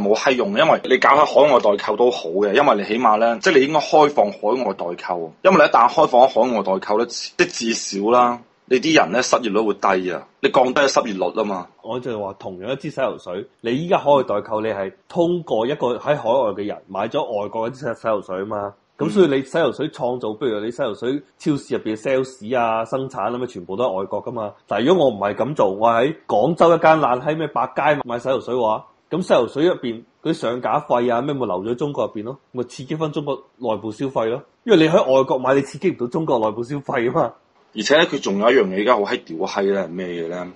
冇閪用，因為你搞下海外代購都好嘅，因為你起碼咧，即係你應該開放海外代購，因為你一旦開放海外代購咧，即至少啦，你啲人咧失業率會低啊，你降低咗失業率啊嘛。我就話同樣一支洗頭水，你依家海外代購，你係通過一個喺海外嘅人買咗外國一支洗頭水啊嘛，咁所以你洗頭水創造，譬如你洗頭水超市入邊 sales 啊、生產啊，咪全部都係外國噶嘛。但係如果我唔係咁做，我喺廣州一間爛閪咩百佳買洗頭水嘅話。咁石油水入邊嗰啲上架費啊咩咪留咗中國入邊咯，咪刺激翻中國內部消費咯、啊。因為你喺外國買，你刺激唔到中國內部消費啊嘛。而且咧，佢仲有一樣嘢，而家好閪屌閪咧，係咩嘢咧？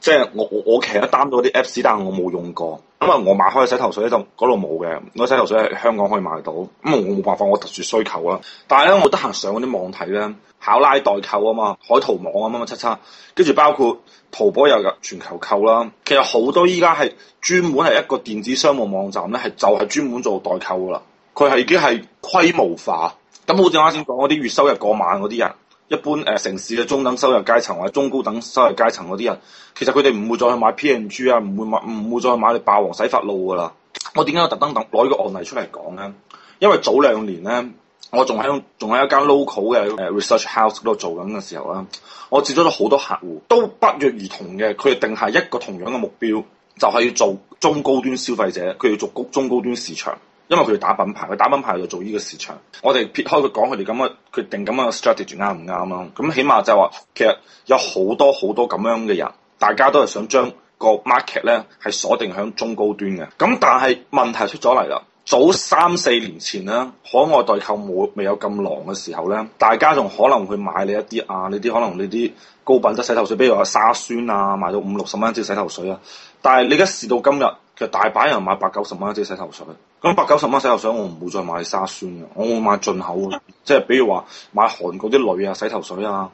即、就、係、是、我我我其實擔咗啲 Apps，但係我冇用過。咁啊，因為我買開洗頭水咧，就嗰度冇嘅。我洗頭水喺香港可以買到，咁我冇辦法，我特殊需求啦。但係咧，我得閒上嗰啲網睇咧，考拉代購啊嘛，海淘網啊，嘛，乜乜七七，跟住包括淘寶又有全球購啦。其實好多依家係專門係一個電子商務網站咧，係就係專門做代購噶啦。佢係已經係規模化，咁好似啱先講嗰啲月收入過萬嗰啲人。一般誒、呃、城市嘅中等收入階層或者中高等收入階層嗰啲人，其實佢哋唔會再去買 PNG 啊，唔會買唔會再去買你霸王洗髮露㗎啦。我點解我特登等攞呢個案例出嚟講咧？因為早兩年咧，我仲喺仲喺一間 local 嘅 research house 度做緊嘅時候啦，我接咗好多客戶，都不約而同嘅，佢哋定下一個同樣嘅目標，就係、是、要做中高端消費者，佢要做高中高端市場。因為佢哋打品牌，佢打品牌就做呢個市場。我哋撇開佢講佢哋咁嘅決定咁樣嘅 strategy 啱唔啱咯？咁起碼就係話其實有好多好多咁樣嘅人，大家都係想將個 market 咧係鎖定喺中高端嘅。咁但係問題出咗嚟啦。早三四年前咧，海外代購冇未有咁狼嘅時候咧，大家仲可能會買你一啲啊，你啲可能你啲高品質洗頭水，比如話沙宣啊，賣到五六十蚊一支洗頭水啊。但係你一試到今日。其實大把人買八九十蚊一支洗頭水，咁八九十蚊洗頭水我唔會再買沙宣嘅，我會買進口即係比如話買韓國啲女啊洗頭水啊，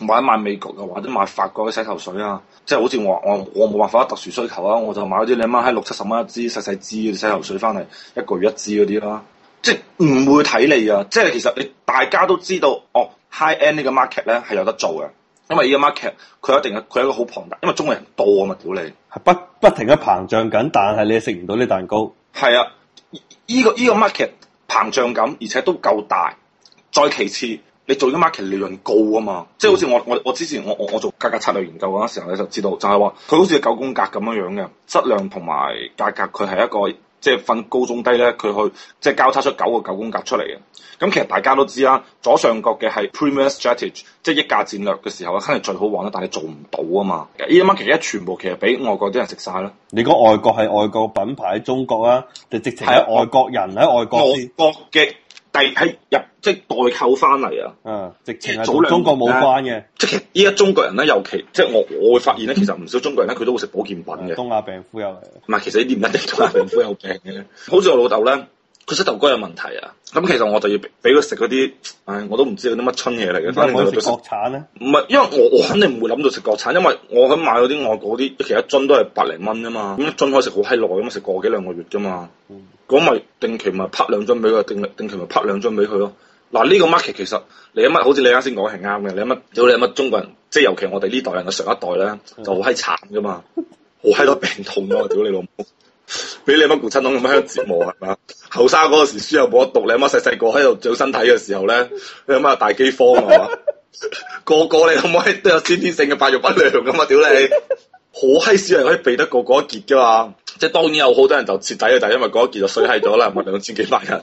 或者買美國嘅，或者買法國嘅洗頭水啊，即係好似我我我冇辦法特殊需求啊，我就買啲兩蚊喺六七十蚊一支細細支嘅洗頭水翻嚟，一個月一支嗰啲啦，即係唔會睇你啊！即係其實你大家都知道，哦，high end 呢個 market 咧係有得做嘅。因為呢個 market 佢一定係佢係一個好龐大，因為中國人多啊嘛，屌你係不不停嘅膨脹緊，但係你食唔到呢蛋糕。係啊，呢、這個呢、這個 market 膨脹緊，而且都夠大。再其次，你做啲 market 利潤高啊嘛，即係好似我、嗯、我我之前我我我做價格，格策略研究嗰陣時候，你就知道就係話佢好似九宮格咁樣樣嘅質量同埋價格，佢係一個。即係分高中低咧，佢去即係交叉出九個九宮格出嚟嘅。咁、嗯、其實大家都知啦，左上角嘅係 Premier Strategy，即係溢價戰略嘅時候啊，肯定最好玩啦。但係做唔到啊嘛。呢啲乜嘢一全部其實俾外國啲人食晒啦。你講外國係外國品牌喺中國啦、啊，就直情係外國人喺的外國。外國嘅。第喺入即係代購翻嚟啊！嗯，直情早兩，中國冇關嘅。即係依家中國人咧，尤其即係我，我會發現咧，其實唔少中國人咧，佢都會食保健品嘅。東、嗯、亞病夫又嚟，唔係，其實呢啲唔一定東亞病夫又病嘅。好似 我老豆咧。佢膝頭哥有問題啊！咁、嗯、其實我就要俾佢食嗰啲，唉，我都唔知嗰啲乜春嘢嚟嘅。唔可以食國產咧？唔係，因為我我肯定唔會諗到食國產，因為我咁買嗰啲外國啲，其實一樽都係百零蚊吖嘛。咁一樽可以食好閪耐嘅嘛，食個幾兩個月嘅嘛。咁咪、嗯、定期咪拍兩樽俾佢，定期定期咪拍兩樽俾佢咯。嗱、啊、呢、呢個 market 其實你乜好似你啱先講係啱嘅，你乜屌你乜中國人，即係尤其我哋呢代人嘅上一代咧、嗯、就好閪慘嘅嘛，好閪多病痛咯，屌你老母！俾你乜故親攏咁喺度折磨係嘛？後生嗰陣時，書又冇得讀，你阿媽細細個喺度長身體嘅時候咧，你阿媽大飢荒係嘛？ 個個你阿媽都有先天性嘅發育不良噶嘛？屌你，好閪少人可以避得過嗰一劫噶嘛？即係當然有好多人就徹底就係因為嗰一劫就衰喺咗啦，咪 兩千幾百人。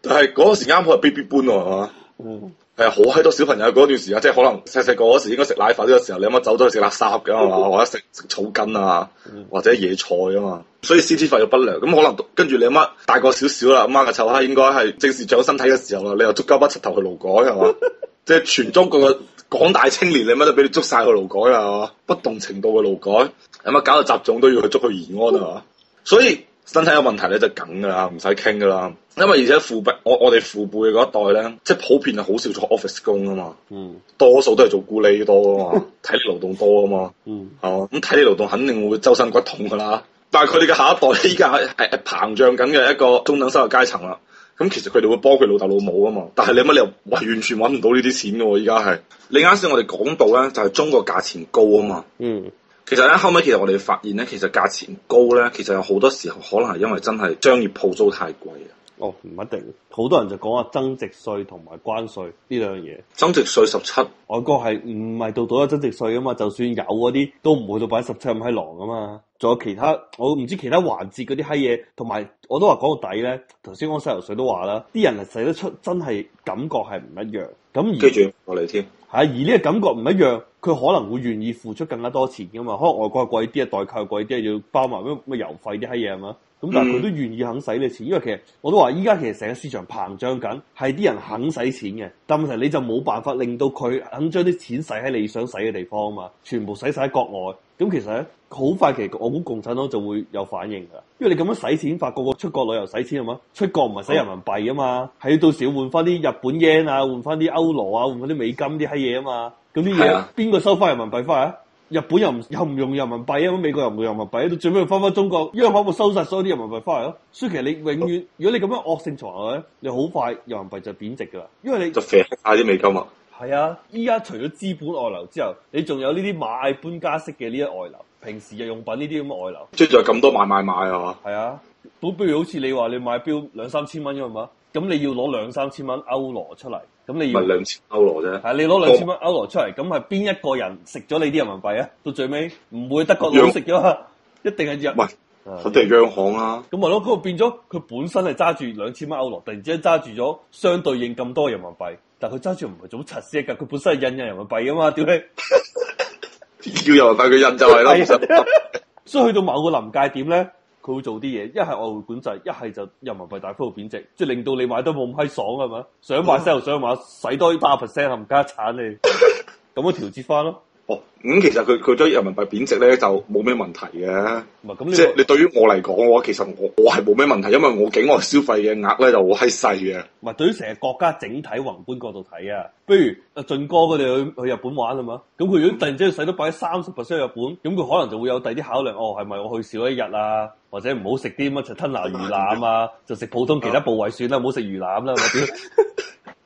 但係嗰時啱好係 baby boom 喎，係嘛？嗯。誒，好閪多小朋友嗰段時間，即係可能細細個嗰時應該食奶粉，呢個時候你阿媽走咗去食垃圾嘅，係嘛？ 或者食食草根啊，或者野菜啊嘛。所以 C T 發育不良，咁可能跟住你阿媽大個少少啦，阿媽嘅臭蝦應該係正係長身體嘅時候啦，你又捉膠不出頭去勞改係嘛？ 即係全中國嘅廣大青年，你乜都俾你捉晒去勞改啊。係嘛？不同程度嘅勞改，阿媽搞到雜種都要去捉去延安啊嘛？所以。身體有問題咧就梗噶啦，唔使傾噶啦。因為而且父輩，我我哋父輩嗰一代咧，即係普遍係好少做 office 工啊嘛，嗯、多數都係做咕喱多啊嘛，體力勞動多啊嘛，係嘛、嗯？咁、啊、體力勞動肯定會，會周身骨痛噶啦。但係佢哋嘅下一代依家係膨脹緊嘅一個中等收入階層啦。咁、嗯嗯、其實佢哋會幫佢老豆老母啊嘛。但係你有乜你又完全揾唔到呢啲錢嘅喎、啊，依家係。你啱先我哋講到咧，就係中國價錢高啊嘛。嗯其實咧後尾其實我哋發現咧，其實價錢高咧，其實有好多時候可能係因為真係商業鋪租太貴啊。哦，唔一定，好多人就講話，增值稅同埋關稅呢兩樣嘢。增值稅十七，外國係唔係到到有增值稅噶嘛？就算有嗰啲，都唔會到擺十七咁閪狼噶嘛。仲有其他，我唔知其他環節嗰啲閪嘢，同埋我都話講到底咧。頭先我西游水都話啦，啲人係使得出真係感覺係唔一樣。咁記住我嚟添。係，而呢個感覺唔一樣，佢可能會願意付出更加多錢㗎嘛。可能外國貴啲，代購貴啲，要包埋咩咩郵費啲閪嘢係嘛？咁但係佢都願意肯使呢啲錢，因為其實我都話依家其實成個市場膨脹緊，係啲人肯使錢嘅。但問題你就冇辦法令到佢肯將啲錢使喺你想使嘅地方嘛，全部使曬喺國外。咁其實咧。好快，其實我估共產黨就會有反應噶，因為你咁樣使錢法，個個出國旅遊使錢係乜？出國唔係使人民幣啊嘛，係、嗯、到時要換翻啲日本 yen 啊，換翻啲歐羅啊，換翻啲美金啲係嘢啊嘛。咁啲嘢邊個收翻人民幣翻嚟啊？日本又唔又唔用人民幣啊？美國又唔用人民幣，到最尾翻翻中國央行會收晒所有啲人民幣翻嚟咯。所以其實你永遠、嗯、如果你咁樣惡性循環咧，你好快人民幣就貶值噶啦，因為你。就啡曬啲美金啊！係啊，依家除咗資本外流之後，你仲有呢啲螞蟻搬家式嘅呢一外流，平時日用品呢啲咁嘅外流，即係仲有咁多買，買買買啊！係啊，本比如好似你話你買表兩三千蚊咁啊，咁你要攞兩三千蚊歐羅出嚟，咁你要唔係兩千歐羅啫？係、啊、你攞兩千蚊歐羅出嚟，咁係邊一個人食咗你啲人民幣啊？到最尾唔會德國佬食咗一定係喂，一是、啊、定係央行啊。咁咪咯，咁變咗佢本身係揸住兩千蚊歐羅，突然之間揸住咗相對應咁多人民幣。但佢揸住唔係做拆卸㗎，佢本身係印印人民幣㗎嘛，屌你！叫人民幣佢印就係咯，所以去到某個臨界點咧，佢會做啲嘢，一係外匯管制，一係就人民幣大幅度貶值，即係令到你買得冇咁閪爽啊嘛，想買西就想買，使多一八 percent 冚家產你，咁啊調節翻咯。哦，咁、嗯、其實佢佢對於人民幣貶值咧，就冇咩問題嘅。即係你對於我嚟講嘅話，其實我我係冇咩問題，因為我境外消費嘅額咧就好閪細嘅。唔係、嗯、對於成個國家整體宏觀角度睇啊，不如阿俊哥佢哋去去日本玩啊嘛，咁佢如果突然之間使到擺喺三十 percent 日本，咁佢可能就會有第啲考量。哦，係咪我去少一日啊？或者唔好食啲乜就吞拿魚腩啊？啊就食普通其他部位算啦，唔好食魚腩啦。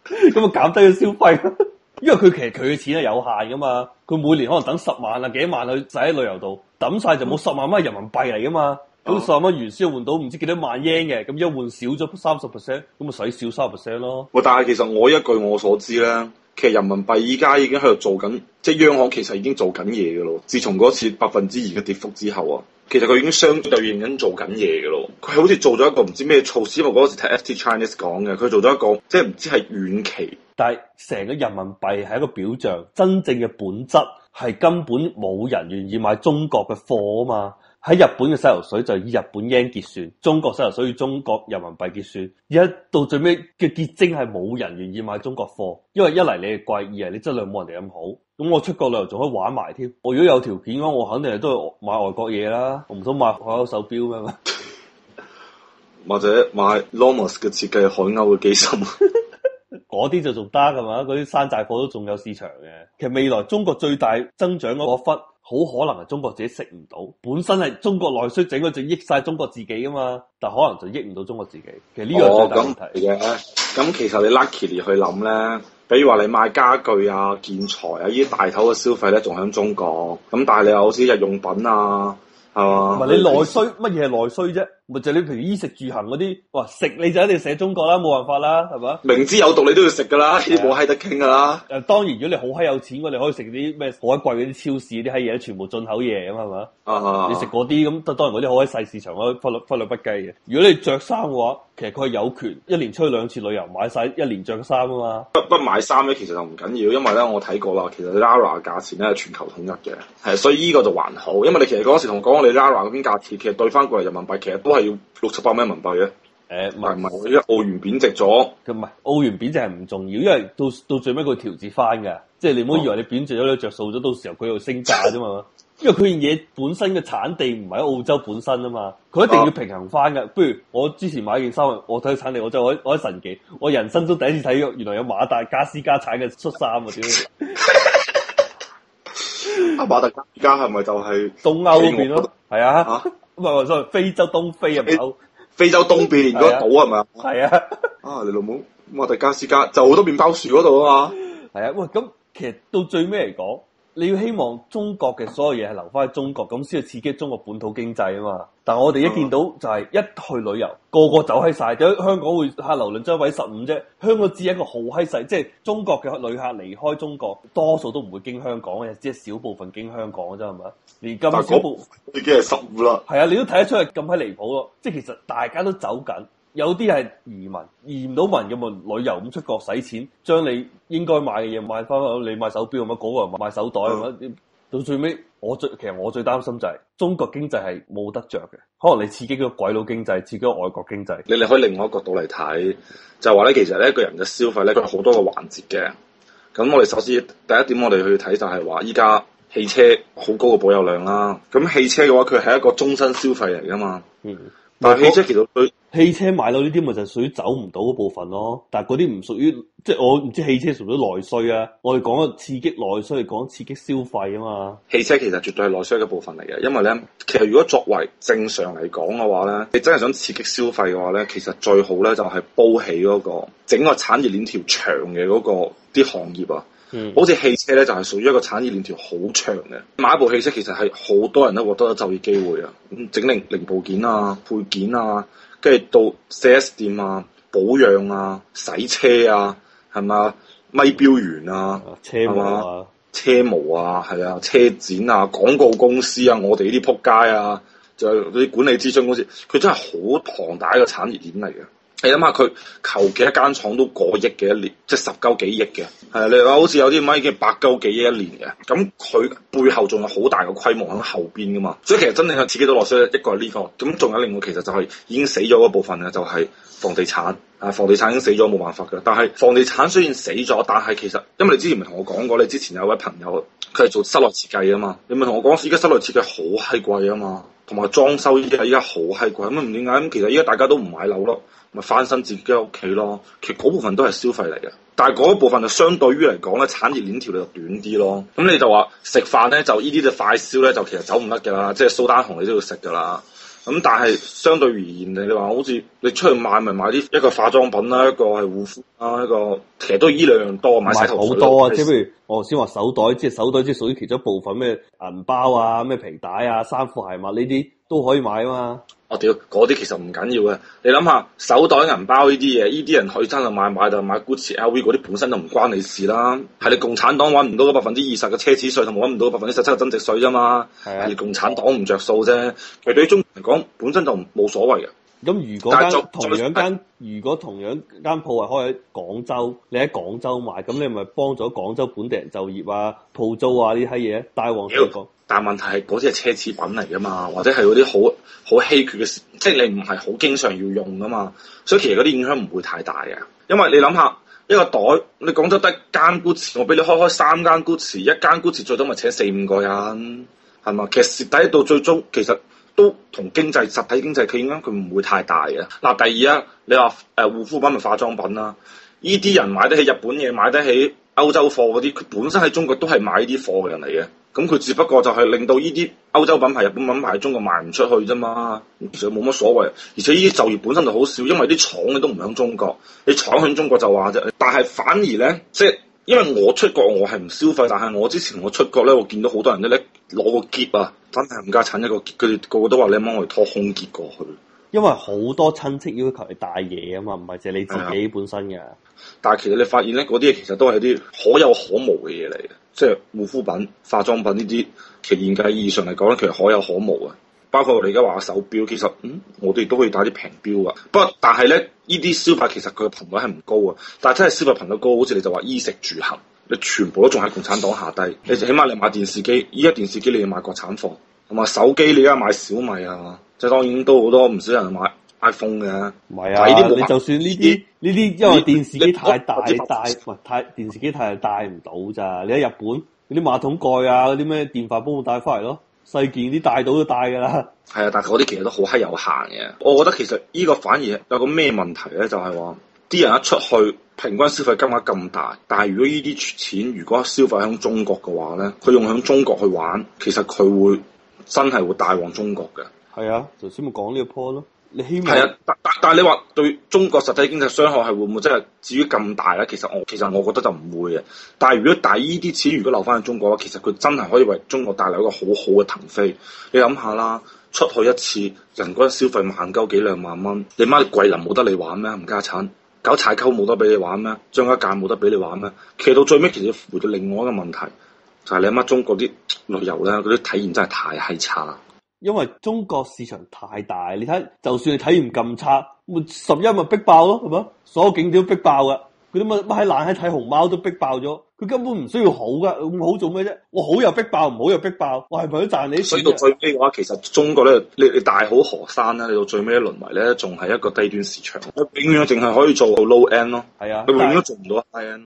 咁啊，減低嘅消費。 因為佢其實佢嘅錢係有限噶嘛，佢每年可能等十萬啊幾萬去使喺旅遊度，抌晒就冇十萬蚊人民幣嚟噶嘛，咁十萬蚊元先換到唔知幾多萬日圓嘅，咁一換少咗三十 percent，咁咪使少三十 percent 咯。我但係其實我一據我所知咧，其實人民幣依家已經喺度做緊，即係央行其實已經做緊嘢噶咯，自從嗰次百分之二嘅跌幅之後啊。其實佢已經相對應緊做緊嘢嘅咯，佢好似做咗一個唔知咩措施，我嗰時聽 FT Chinese 講嘅，佢做咗一個即係唔知係遠期，但係成個人民幣係一個表象，真正嘅本質係根本冇人願意買中國嘅貨啊嘛。喺日本嘅洗頭水就以日本日圓結算，中國洗頭水以中國人民幣結算。而家到最尾嘅結晶係冇人願意買中國貨，因為一嚟你係貴，二嚟你質量冇人哋咁好。咁我出國旅遊仲可以玩埋添。我如果有條件嘅話，我肯定係都會買外國嘢啦。我唔通買海鷗手表咩嘛？ 或者買 Lomas 嘅設計海鷗嘅機芯。 嗰啲就仲得噶嘛，嗰啲山寨貨都仲有市場嘅。其實未來中國最大增長嗰忽，好可能係中國自己食唔到，本身係中國內需整嗰陣益晒中國自己啊嘛，但可能就益唔到中國自己。其實呢個就最大問題嘅。咁、哦嗯其、嗯、其實你 lucky 嚟去諗咧，比如話你賣家具啊、建材啊，呢啲大頭嘅消費咧，仲響中國。咁但係你又好似日用品啊，係、啊、嘛？唔係實你內需乜嘢內需啫？咪就你譬如衣食住行嗰啲，哇食你就一定喺中國啦，冇辦法啦，係嘛？明知有毒你都要食噶啦，呢啲冇閪得傾噶啦。誒，當然如果你好閪有錢，我哋可以食啲咩好閪貴嗰啲超市啲閪嘢，全部進口嘢啊嘛，係嘛？哦你食嗰啲咁，當然嗰啲好閪細市場嗰啲，忽忽略不計嘅。如果你着衫嘅話，其實佢係有權一年出去兩次旅遊，買晒一年着衫啊嘛。不不買衫咧，其實就唔緊要，因為咧我睇過啦，其實 Lara 價錢咧係全球統一嘅，係，所以呢個就還好，因為你其實嗰時同講我哋 Lara 嗰邊價錢，其實兌翻過嚟人民幣其實係要六十八蚊人民幣咧？誒、欸，唔係唔係，因為澳元貶值咗。咁唔係，澳元貶值係唔重要，因為到到最尾佢調節翻嘅。嗯、即係你唔好以為你貶值咗你着數咗，到時候佢又升價啫嘛。 因為佢件嘢本身嘅產地唔係澳洲本身啊嘛，佢一定要平衡翻嘅。啊、不如我之前買件衫，我睇產地，我真係我喺神奇。我人生都第一次睇原來有馬達加斯加產嘅恤衫啊！點 啊？阿馬達加加係咪就係、是、 東歐嗰邊咯？係啊。啊啊唔係，我非洲東非入非，非洲東邊嗰個島係咪 吧啊？係啊，啊，你老母我哋加斯加就好多麵包樹嗰度啊嘛。係啊，喂，咁其實到最尾嚟講。你要希望中國嘅所有嘢係留翻喺中國，咁先至刺激中國本土經濟啊嘛！但係我哋一見到就係一去旅遊，個個走閪晒。咁香港會客流量只係位十五啫。香港只係一個好閪細，即係中國嘅旅客離開中國，多數都唔會經香港嘅，只係少部分經香港嘅啫，係咪？連今日嗰部，部已經係十五啦。係啊，你都睇得出係咁閪離譜咯！即係其實大家都走緊。有啲係移民，移唔到民嘅嘛？旅遊咁出國使錢，將你應該買嘅嘢買翻去，你買手錶咁啊，嗰、嗰個人買手袋，到最尾。我最其實我最擔心就係中國經濟係冇得着嘅，可能你刺激咗鬼佬經濟，刺激咗外國經濟。你可以另外一個角度嚟睇，就話、是、咧，其實咧一個人嘅消費咧，佢好多個環節嘅。咁我哋首先第一點，我哋去睇就係話依家汽車好高嘅保有量啦、啊。咁汽車嘅話，佢係一個終身消費嚟噶嘛。嗯，但係汽車其實佢。汽車買到呢啲咪就屬於走唔到嗰部分咯，但係嗰啲唔屬於即係我唔知汽車屬唔屬內需啊？我哋講刺激內需係講刺激消費啊嘛。汽車其實絕對係內需嘅部分嚟嘅，因為咧其實如果作為正常嚟講嘅話咧，你真係想刺激消費嘅話咧，其實最好咧就係煲起嗰個整個產業鏈條長嘅嗰個啲行業啊，嗯、好似汽車咧就係屬於一個產業鏈條好長嘅，買一部汽車其實係好多人都獲得有就業機會啊，整零零部件啊、配件啊。即係到 4S 店啊，保養啊，洗車啊，係咪咪咪標員啊，車啊，車模啊，車模啊，係啊，車展啊，廣告公司啊，我哋呢啲撲街啊，就嗰啲管理諮詢公司，佢真係好龐大一個產業鏈嚟嘅。你諗下佢求其一間廠都過億嘅一年，即係十鳩幾億嘅，係、啊、你話好似有啲乜嘢八鳩幾億一年嘅，咁、嗯、佢背後仲有好大嘅規模喺後邊噶嘛？所以其實真正刺激到落水一個係呢、這個，咁仲有另外其實就係已經死咗嗰部分嘅，就係、是、房地產啊，房地產已經死咗冇辦法噶。但係房地產雖然死咗，但係其實因為你之前咪同我講過，你之前有位朋友佢係做室內設計啊嘛，你咪同我講，依家室內設計好閪貴啊嘛。同埋裝修依家依家好閪貴，咁唔點解？咁其實依家大家都唔買樓咯，咪翻新自己屋企咯。其實嗰部分都係消費嚟嘅，但係嗰部分就相對於嚟講咧，產業鏈條就短啲咯。咁你就話食飯咧，就呢啲就快消咧，就其實走唔甩噶啦，即係蘇丹紅你都要食噶啦。咁但係相對而言，你話好似你出去買，買，咪買啲一個化妝品啦，一個係護膚啊，一個其實都呢兩樣多買好多啊。即係譬如我頭先話手袋，即係手袋，即係屬於其中一部分咩銀包啊、咩皮帶啊、衫褲鞋襪呢啲。都可以買啊嘛！我屌嗰啲其實唔緊要嘅，你諗下手袋、銀包呢啲嘢，呢啲人可以真係就買，買就買 Gucci、LV 嗰啲本身就唔關你事啦。係你共產黨揾唔到百分之二十嘅奢侈稅，同埋揾唔到百分之十七嘅增值稅啫嘛。係、啊、你共產黨唔着數啫。其實對中嚟講本身就冇所謂嘅。咁如果間是同樣間有如果同樣間鋪係開喺廣州，你喺廣州買，咁你咪幫咗廣州本地人就業啊、鋪租啊呢啲嘢？大王嚟講。但問題係嗰啲係奢侈品嚟噶嘛，或者係嗰啲好好稀缺嘅，即係你唔係好經常要用噶嘛，所以其實嗰啲影響唔會太大嘅。因為你諗下一個袋，你講咗得間古馳，我俾你開開三間古馳，一間古馳最多咪請四五個人，係嘛？其實睇到最終其實都同經濟實體經濟佢影響佢唔會太大嘅。嗱，第二啊，你話誒護膚品咪化妝品啦，呢啲人買得起日本嘢，買得起歐洲貨嗰啲，佢本身喺中國都係買呢啲貨嘅人嚟嘅。咁佢只不過就係令到呢啲歐洲品牌、日本品牌中國賣唔出去啫嘛，其實冇乜所謂。而且呢啲就業本身就好少，因為啲廠咧都唔響中國，你廠響中國就話啫。但係反而咧，即係因為我出國我係唔消費，但係我之前我出國咧，我見到好多人咧攞個喼啊，真係冚家鏟一個喼，佢哋個個都話，你幫我哋拖空喼過去。因為好多親戚要求你帶嘢啊嘛，唔係淨係你自己本身嘅。但係其實你發現咧，嗰啲嘢其實都係啲可有可無嘅嘢嚟嘅。即係護膚品、化妝品呢啲，其實現代意義上嚟講咧，其實可有可無啊。包括我哋而家話手錶，其實嗯，我哋都可以戴啲平錶啊。不過但係咧，呢啲消費其實佢嘅頻率係唔高啊。但係真係消費頻率高，好似你就話衣食住行，你全部都仲喺共產黨下低。你起碼你買電視機，依家電視機你要買國產貨，同埋手機你依家買小米啊。即係當然都好多唔少人買 iPhone 嘅，唔係啊！你就算呢啲呢啲，因為電視機太大，帶太電視機太大唔到咋？你喺日本嗰啲馬桶蓋啊，嗰啲咩電飯煲帶翻嚟咯，細件啲帶到都帶㗎啦。係啊，但係嗰啲其實都好閪有限嘅。我覺得其實呢個反而有個咩問題咧？就係話啲人一出去，平均消費金額咁大，但係如果呢啲錢如果消費喺中國嘅話咧，佢用喺中國去玩，其實佢會真係會帶往中國嘅。係啊，頭先咪講呢個坡咯。你希望係啊，但但係你話對中國實體經濟傷害係會唔會真係至於咁大咧？其實我其實我覺得就唔會嘅。但係如果大呢啲錢如果留翻去中國嘅話，其實佢真係可以為中國帶嚟一個好好嘅騰飛。你諗下啦，出去一次，人均消費萬鳩幾兩萬蚊，你媽桂林冇得你玩咩？冚家剷搞九寨溝冇得俾你玩咩？張家界冇得俾你玩咩？其實到最尾其實回到另外一個問題，就係你媽中國啲旅遊咧，嗰啲體驗真係太閪差啦。因為中國市場太大，你睇就算你體驗咁差，咪十一咪逼爆咯，係咪？所有景點都逼爆噶，佢啲乜乜喺懶喺睇熊貓都逼爆咗，佢根本唔需要好噶，我好做咩啫？我好又逼爆，唔好又逼爆，我係咪都賺你？去到最尾嘅話，其實中國咧，你，你大好河山咧，你到最尾屘，淪為咧仲係一個低端市場，永遠淨係可以做到 low end 咯。係啊，永遠都做唔到 high end。